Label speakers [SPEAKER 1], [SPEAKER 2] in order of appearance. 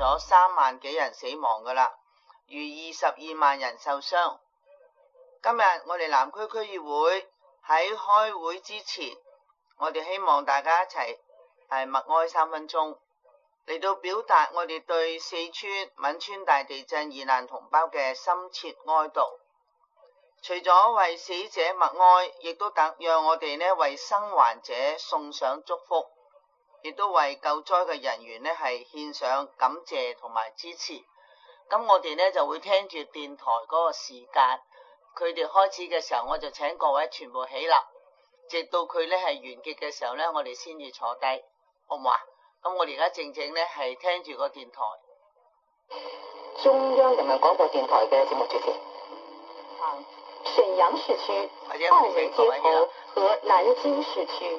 [SPEAKER 1] 咗三萬幾人死亡噶啦，逾二十二萬人受傷。今日我哋南區區議會喺開會之前，我哋希望大家一齊係默哀三分鐘，嚟到表達我哋對四川汶川大地震遇難同胞嘅深切哀悼。除咗為死者默哀，亦都等讓我哋呢為生還者送上祝福。亦都為救災嘅人員咧係獻上感謝同埋支持。咁我哋呢就會聽住電台嗰個時間，佢哋開始嘅時候我就請各位全部起立，直到佢咧係完結嘅時候呢，我哋先至坐低，好唔好啊？咁我哋而家靜靜呢係聽住個電台。中央人民廣播電台嘅節目主
[SPEAKER 2] 持。行瀋陽市區澳門街頭和北
[SPEAKER 3] 京
[SPEAKER 2] 市區。